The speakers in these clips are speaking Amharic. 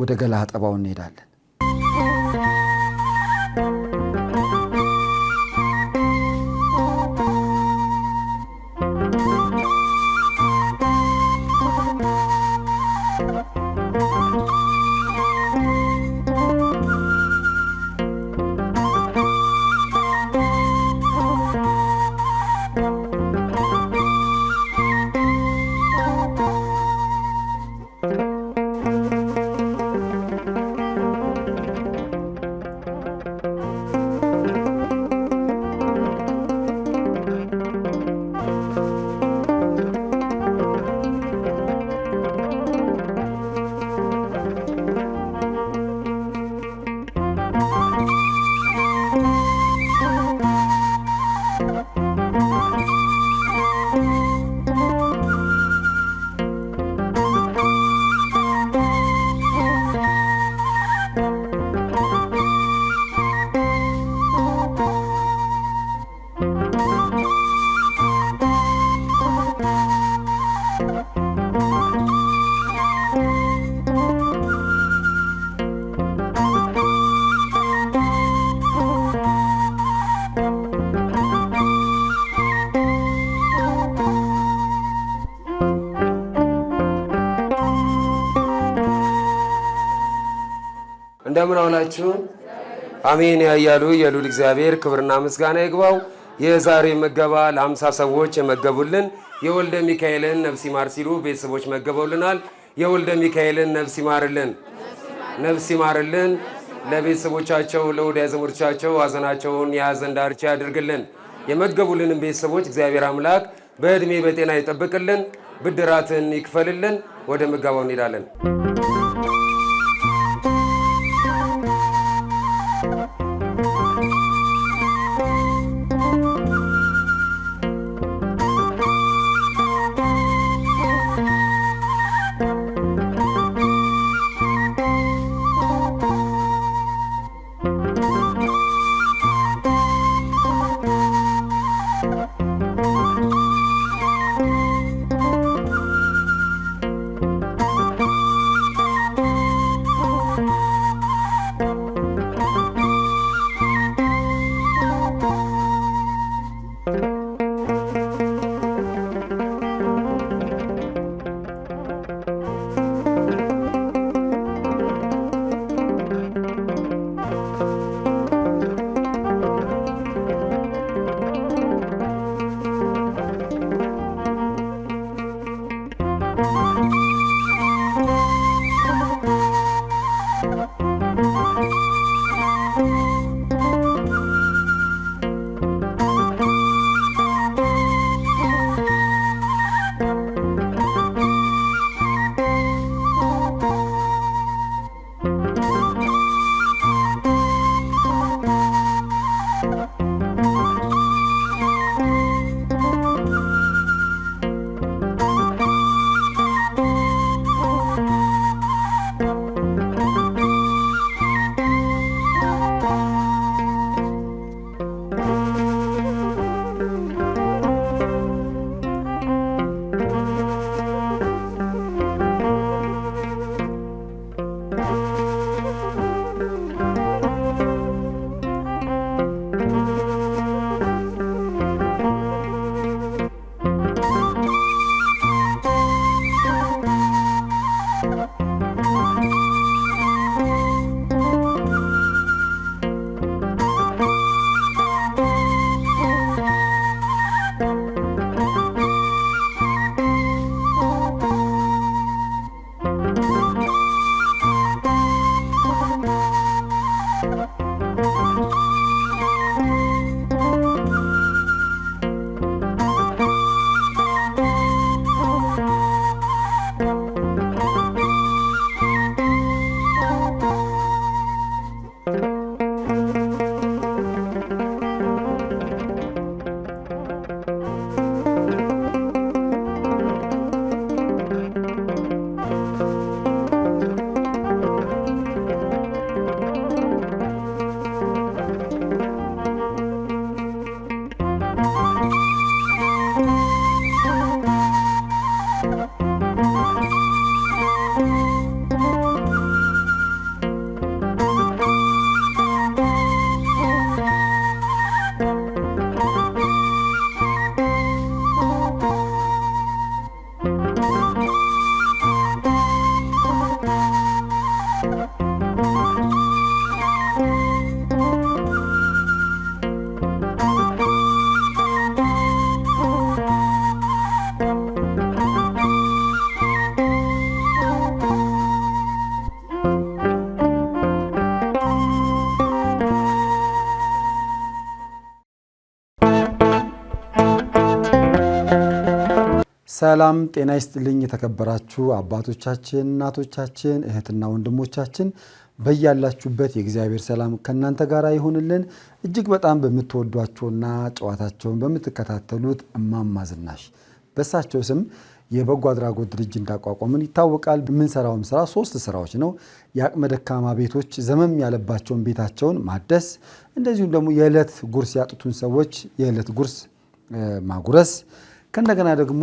ወደ ገላ አጠባውን እንሄዳለን። እንደምን አውላችሁ። አሜን ያያሉ የሉል እግዚአብሔር ክብርና ምስጋና ይግባው። የዛሬ ምገባ ለአምሳ ሰዎች የመገቡልን የወልደ ሚካኤልን ነፍስ ይማር ሲሉ ቤተሰቦች መገበውልናል። የወልደ ሚካኤልን ነፍስ ይማርልን፣ ነፍስ ይማርልን። ለቤተሰቦቻቸው ለወዳጅ ዘመዶቻቸው ሐዘናቸውን የሐዘን ዳርቻ ያድርግልን። የመገቡልንም ቤተሰቦች እግዚአብሔር አምላክ በዕድሜ በጤና ይጠብቅልን፣ ብድራትን ይክፈልልን። ወደ ምገባው እንሄዳለን። ሰላም ጤና ይስጥልኝ። የተከበራችሁ አባቶቻችን፣ እናቶቻችን፣ እህትና ወንድሞቻችን በያላችሁበት የእግዚአብሔር ሰላም ከእናንተ ጋር ይሁንልን። እጅግ በጣም በምትወዷቸውና ጨዋታቸውን በምትከታተሉት እማማ ዝናሽ በሳቸው ስም የበጎ አድራጎት ድርጅት እንዳቋቋምን ይታወቃል። የምንሰራውም ስራ ሶስት ስራዎች ነው። የአቅመ ደካማ ቤቶች ዘመም ያለባቸውን ቤታቸውን ማደስ፣ እንደዚሁም ደግሞ የዕለት ጉርስ ያጡትን ሰዎች የዕለት ጉርስ ማጉረስ ከእንደገና ደግሞ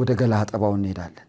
ወደ ገላ አጠባው እንሄዳለን።